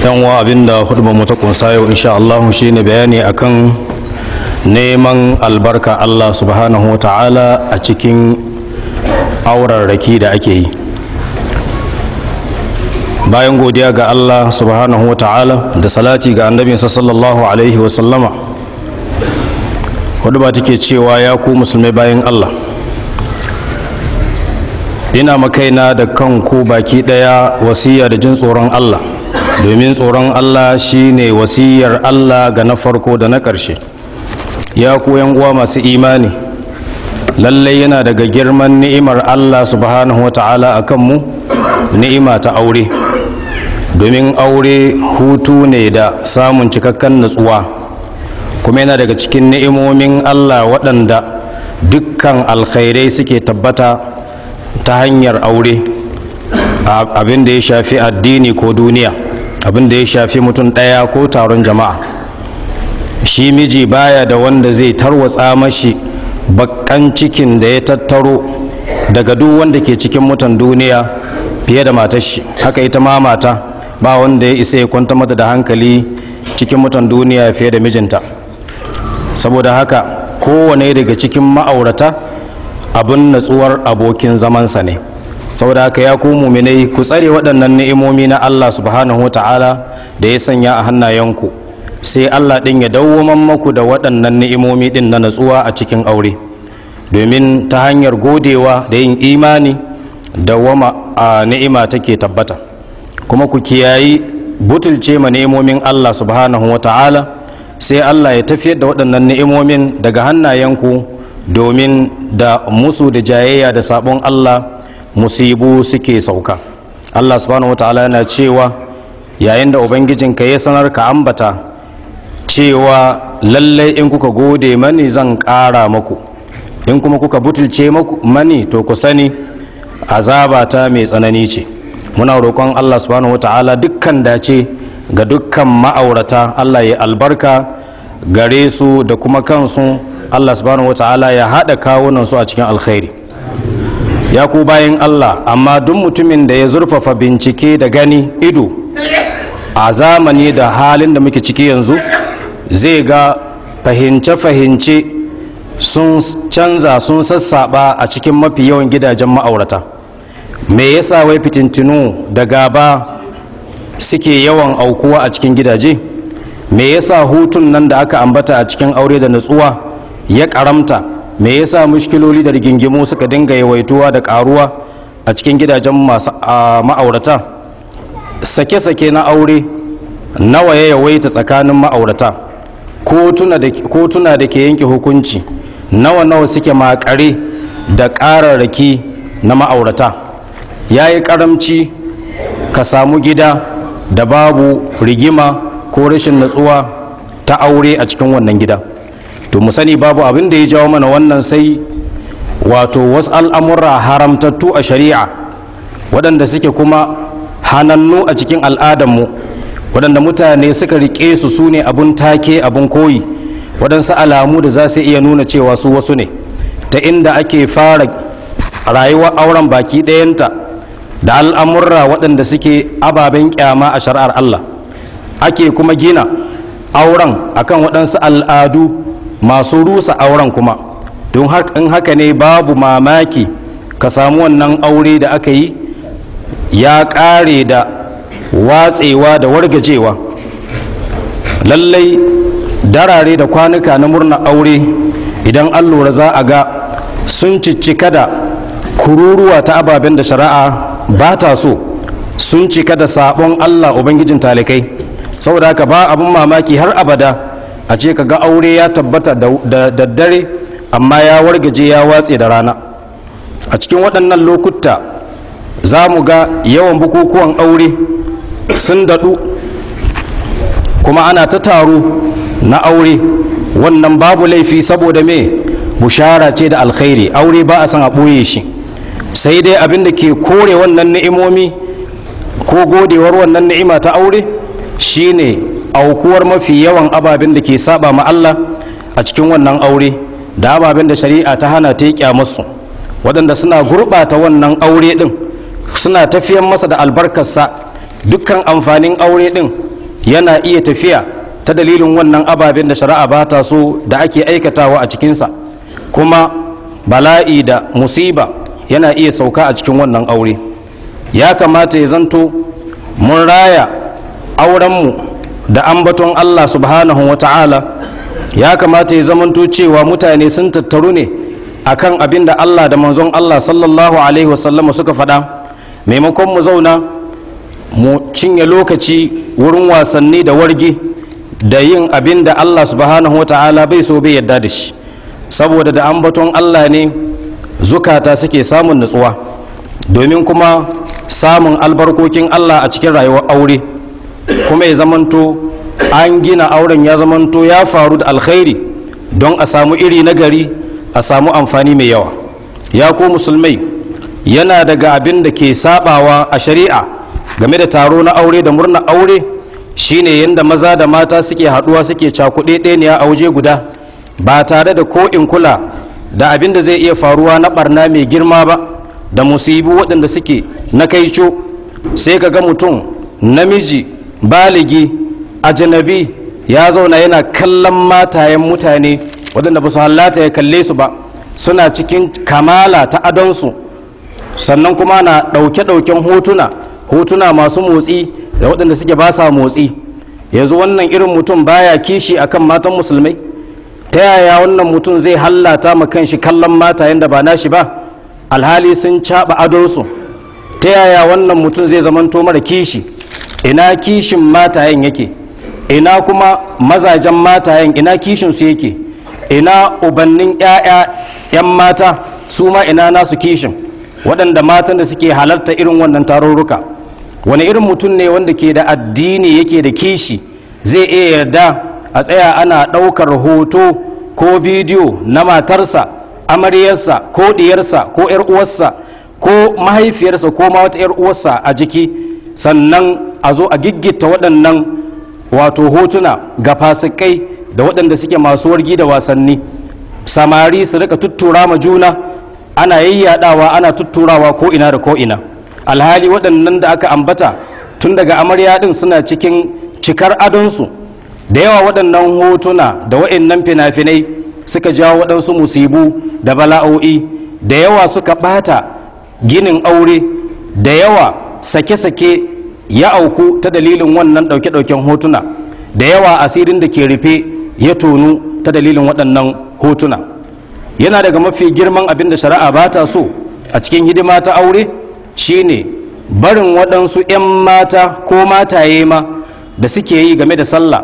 yan wa abinda hudu mu ta kunsa yau insha Allah shine bayani akan neman albarka Allah subhanahu wa ta'ala a cikin aurarraki da ake yi bayan godiya ga Allah subhanahu wa ta'ala da salati ga annabi sallallahu alaihi wa sallama hudu ba take cewa ya ku musulmai bayan Allah ina makaina da kan kanku baki daya wasiya da jin tsoron Allah domin tsoron Allah shine wasiyar Allah ga na farko da na ƙarshe ya koyan uwa masu imani lallai yana daga girman ni'imar Allah subhanahu wata'ala a kanmu ni'ima ta aure domin aure hutu ne da samun cikakken nutsuwa kuma yana daga cikin ni'imomin Allah waɗanda dukkan alkhairai suke tabbata ta hanyar aure abin da ya shafi addini ko duniya abin da ya shafi mutum ɗaya ko taron jama'a shi miji baya da wanda zai tarwatsa mashi bakan cikin da ya tattaro daga duk wanda ke cikin mutan duniya fiye da matar shi haka ita ma mata ba wanda ya isa ya kwanta mata da hankali cikin mutan duniya fiye da mijinta saboda haka kowane daga cikin ma'aurata abin natsuwar abokin zamansa ne saboda haka ya ku muminai ku tsare waɗannan ni'imomi na Allah subhanahu ta'ala da ya sanya a hannayenku sai Allah ɗin ya dawwaman maku da waɗannan ni'imomi ɗin na natsuwa a cikin aure domin ta hanyar godewa da yin imani da wama a ni'ima take tabbata kuma ku kiyayi butulce ma ni'imomin Allah subhanahu ta'ala sai Allah ya tafiyar da waɗannan ni'imomin daga hannayenku domin da musu da jayayya da sabon Allah musibu suke sauka allah subhanahu wataala yana cewa yayin da ubangijinka ya sanar ka ambata cewa lallai in kuka gode mani zan kara maku in kuma kuka butulce mani to ku sani azabata mai tsanani ce muna roƙon allah subhanahu wataala dukkan dace ga dukkan ma'aurata allah ya albarka gare su da kuma kansu allah subhanahu wataala ya haɗa kawunan su a cikin alkhairi ya ku bayan allah amma duk mutumin da ya zurfafa bincike da gani ido a zamani da halin da muke ciki yanzu zai ga fahimce-fahimce sun canza sun sassaba a cikin mafi yawan gidajen ma'aurata me yasa wai fitintinu da gaba suke yawan aukuwa a cikin gidaje me yasa hutun nan da aka ambata a cikin aure da natsuwa ya karamta me yasa mushkiloli da rigingimu suka dinga yawaituwa da karuwa a cikin gidajen masu ma'aurata sake-sake na aure nawa ya yawaita tsakanin ma'aurata kotuna da ke yanke hukunci nawa-nawa suke makare da ƙararraki na ma'aurata ya yi ƙaramci ka samu gida da babu rigima ko rashin natsuwa ta aure a cikin wannan gida to mu sani babu abin da ya jawo mana wannan sai wato wasu al'amurra haramtattu a shari'a waɗanda suke kuma hanannu a cikin al'adanmu waɗanda mutane suka riƙe su su ne abin take abin koyi waɗansu alamu da za su iya nuna cewa su wasu ne ta inda ake fara rayuwar auren baki ɗayanta da al'amurra waɗanda suke ababen kyama a shari'ar Allah ake kuma gina auren akan waɗansu al'adu masu rusa auren kuma don in haka ne babu mamaki ka samu wannan aure da aka yi ya kare da watsewa da wargajewa lallai darare da kwanuka na murna aure idan an lura za a ga sun ciccika da kururuwa ta ababen da shari'a ba ta so sun cika da sabon allah ubangijin talikai saboda haka ba abin mamaki har abada a ce ka ga aure ya tabbata da daddare amma ya wargaje ya watse da rana a cikin waɗannan lokuta za mu ga yawan bukukuwan aure sun daɗu kuma ana ta taro na aure wannan babu laifi saboda me bushara ce da alkhairi aure ba a san a ɓoye shi sai dai abin da ke kore wannan ni'imomi ko godewar wannan ni'ima ta aure shine aukuwar mafi yawan ababen da ke saba ma Allah a cikin wannan aure da ababen da shari'a ta hana ta yi masu waɗanda suna gurɓata wannan aure ɗin suna tafiyan masa da albarkarsa dukkan amfanin aure ɗin yana iya tafiya ta dalilin wannan ababen da shari'a ba ta so da ake aikatawa a cikinsa kuma bala'i da musiba yana iya sauka a cikin wannan aure ya kamata ya zanto mun raya aurenmu da ambaton Allah subhanahu wa ta'ala ya kamata ya zamanto cewa mutane sun tattaru ne akan abin da Allah da manzon Allah sallallahu alaihi wasallama suka faɗa maimakon mu zauna mu cinye lokaci wurin wasanni da wargi da yin abin da Allah subhanahu wa ta'ala bai so bai yadda da shi saboda da ambaton Allah ne zukata suke samun natsuwa domin kuma samun albarkokin Allah a cikin rayuwar aure kuma ya zamanto an gina auren ya zamanto ya faru da alkhairi don a samu iri nagari a samu amfani mai yawa ya ko musulmai yana daga abin da ke sabawa a shari'a game da taro na aure da murna aure shine yadda maza da mata suke haduwa suke cakuɗe ɗaya a waje guda ba tare da ko in kula da abin da zai iya faruwa na barna mai girma ba da musibu waɗanda suke na kaico sai ka ga mutum namiji baligi ajanabi ya zauna yana kallon matayen mutane waɗanda ba su hallata ya kalle su ba suna cikin kamala ta adonsu sannan kuma na ɗauke-ɗauken hotuna hotuna masu motsi da waɗanda suke ba sa motsi yanzu wannan irin mutum baya kishi akan matan musulmai ta yaya wannan mutum zai hallata ma kan shi kallon matayen da ba nashi ba alhali sun caɓa adonsu ta yaya wannan mutum zai zamanto mara kishi ina kishin matayen yake ina kuma mazajen matayen ina kishin su yake ina ubannin 'ya'ya 'yan mata su ma ina nasu kishin waɗanda matan da suke halarta irin wannan tarurruka wani irin mutum ne wanda ke da addini yake da kishi zai iya yarda a tsaya ana ɗaukar hoto ko bidiyo na matarsa amaryarsa ko ɗiyarsa ko 'yar uwarsa ko mahaifiyarsa ko ma wata 'yar uwarsa a jiki sannan a zo a giggita waɗannan wato hotuna ga fasikai da waɗanda suke masu wargi da wasanni samari su rika tuttura ma juna ana yayyadawa ana tutturawa ko ina da ko ina alhali waɗannan da aka ambata tun daga amarya din suna cikin cikar adonsu da yawa waɗannan hotuna da waɗannan fina-finai suka jawo waɗansu musibu da bala'o'i da yawa suka ɓata ginin aure da yawa sake-sake ya auku ta dalilin wannan ɗauke-ɗauken hotuna da yawa asirin da ke rufe ya tonu ta dalilin waɗannan hotuna yana daga mafi girman abin da shari'a ba ta so a cikin hidima ta aure shine barin waɗansu 'yan mata ko mataye ma da suke yi game da sallah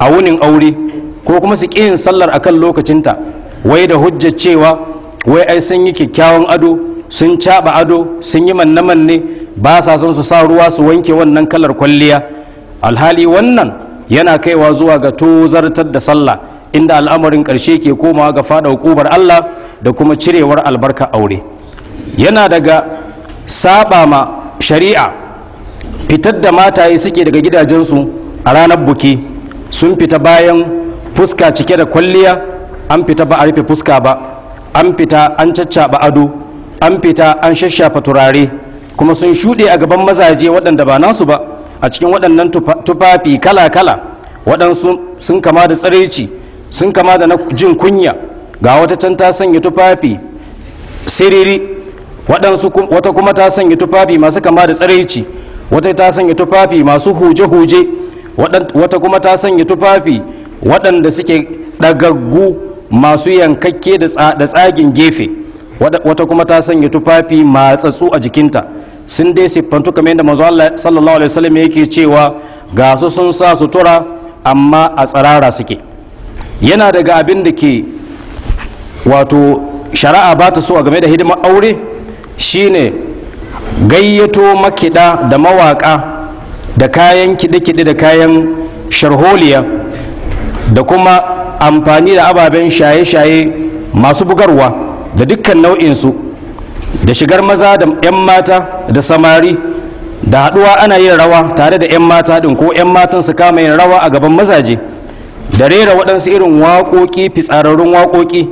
a wunin aure ko kuma su yin sallar akan lokacinta wai da hujjar cewa wai ai sun yi kyakkyawan ado sun caɓa ado sun yi manne-manne ba sa son su sa ruwa su wanke wannan kalar kwalliya alhali wannan yana kaiwa zuwa ga tozartar da sallah inda al'amarin ƙarshe ke komawa ga fada hukumar Allah da kuma cirewar albarka aure yana daga saba ma shari'a fitar da mataye suke daga gidajensu a ranar buki sun fita bayan fuska cike da kwalliya an fita ba a rufe fuska ba an fita an caccaba ado an fita an shashafa turare kuma sun shuɗe a gaban mazaje waɗanda ba nasu ba a cikin waɗannan tufafi kala-kala waɗansu sun kama da tsareci sun kama da na jin kunya ga wata can ta sanya tufafi siriri waɗansu wata kuma ta sanya tufafi masu kama da tsareci wata ta sanya tufafi masu huje-huje wata kuma ta sanya tufafi waɗanda suke ɗagaggu masu yankakke da tsagin gefe wata kuma ta sanya tufafi matsatsu a jikinta sun dai siffantu kamar yadda manzo Allah sallallahu alaihi wasallam yake cewa ga su sun sa sutura amma a tsarara suke yana daga abin da ke wato shari'a ba ta so a game da hidimar aure shine gayyato makiɗa da mawaƙa da kayan kiɗe-kiɗe da kayan sharholiya da kuma amfani da ababen shaye-shaye masu bugarwa da dukkan nau'insu da shigar maza da 'yan mata da samari da haɗuwa ana yin rawa tare da 'yan mata din ko 'yan matan su kama yin rawa a gaban mazaje da rera waɗansu irin waƙoƙi fitsararrun waƙoƙi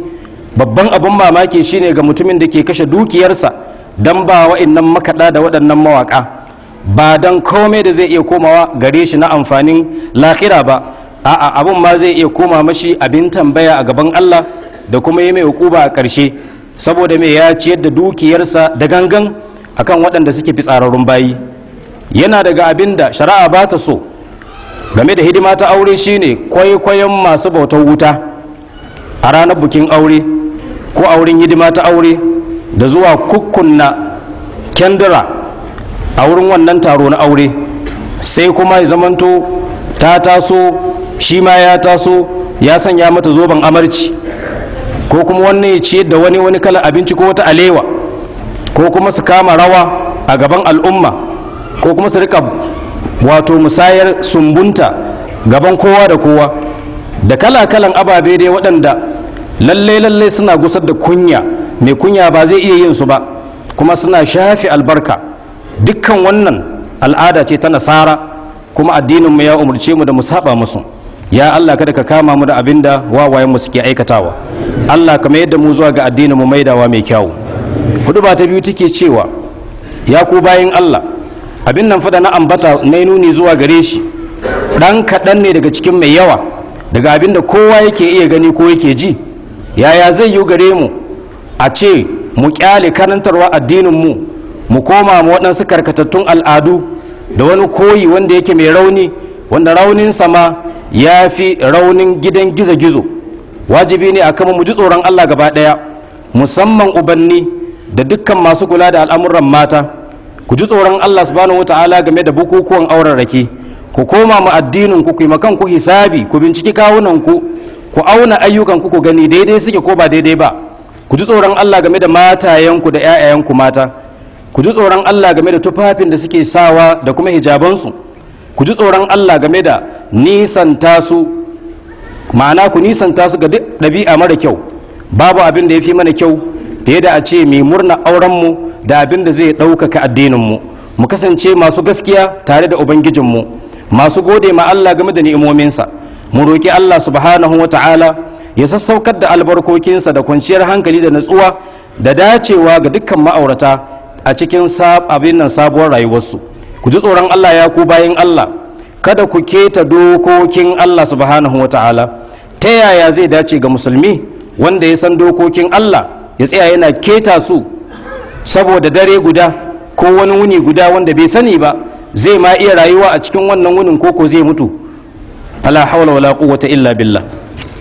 babban abin mamaki shine ga mutumin da ke kashe dukiyarsa don ba wa'innan makaɗa da waɗannan mawaƙa ba don komai da zai iya komawa gare shi na amfanin lahira ba a'a abin ma zai iya koma mashi abin tambaya a gaban allah da kuma yi mai hukuba a ƙarshe saboda mai ya ciyar da dukiyarsa da gangan akan waɗanda suke fi tsararrun bayi yana daga abin da shari'a ba ta so game da hidima ta aure shine kwaikwayon masu bautar wuta a ranar bukin aure ko auren hidima ta aure da zuwa kukkunna kendira a wurin wannan taro na aure sai kuma ya zamanto ta taso shi ma ya taso ya sanya mata zoben amarci ko kuma wannan ya ciyar da wani wani kalan abinci ko wata alewa ko kuma su kama rawa a gaban al'umma ko kuma su rika wato musayar sumbunta gaban kowa da kowa da kala-kalan ababe dai waɗanda lalle-lalle suna gusar da kunya mai kunya ba zai iya yin su ba kuma suna shafi albarka dukkan wannan al'ada ce ta nasara kuma addininmu ya umarce mu da mu saba musu ya Allah kada ka kama mu da abin da wawayen mu suke aikatawa Allah ka mayar mu zuwa ga addinin mu maidawa mai kyau hudu ba ta biyu take cewa ya ku bayin Allah abin nan fada na ambata na nuni zuwa gare shi dan kaɗan ne daga cikin mai yawa daga abin da kowa yake iya gani ko yake ji yaya zai yi gare mu a ce mu kyale karantarwa addinin mu mu koma mu waɗansu karkatattun al'adu da wani koyi wanda yake mai rauni wanda raunin sama ya fi raunin gidan gizo-gizo wajibi ne a kama mu ji tsoron allah gaba ɗaya musamman ubanni da dukkan masu kula da al'amuran mata ku ji tsoron allah subhanahu ta'ala game da bukukuwan auren rake ku koma mu addinin ku kan kanku hisabi ku binciki kawunan ku ku auna ayyukan ku ku gani daidai suke ko ba daidai ba ku ji tsoron allah game da matayenku da 'ya'yayenku mata ku ji tsoron allah game da tufafin da suke sawa da kuma hijabansu ku ji tsoron Allah game da nisanta su ma'ana ku nisanta su ga duk ɗabi'a mara kyau babu abin da ya fi mana kyau fiye da a ce mai murna aurenmu da abin da zai ɗaukaka addininmu mu kasance masu gaskiya tare da ubangijinmu masu gode ma Allah game da ni'imominsa mu roƙi Allah subhanahu wa ta'ala ya sassaukar da albarkokinsa da kwanciyar hankali da natsuwa da dacewa ga dukkan ma'aurata a cikin abin nan sabuwar rayuwarsu ku ji tsoron Allah ya ku bayan Allah kada ku keta dokokin Allah subhanahu wa ta'ala ta yaya zai dace ga musulmi wanda ya san dokokin Allah ya tsaya yana keta su saboda dare guda ko wani wuni guda wanda bai sani ba zai ma iya rayuwa a cikin wannan wunin koko zai mutu fala hawla wala quwwata illa billah